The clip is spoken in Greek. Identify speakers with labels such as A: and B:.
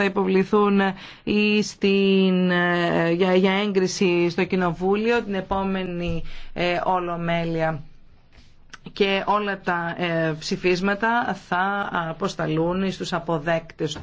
A: θα υποβληθούν ή στην, ε, για, για έγκριση στο Κοινοβούλιο την επόμενη ε, ολομέλεια και όλα τα ε, ψηφίσματα θα αποσταλούν στους αποδέκτες του.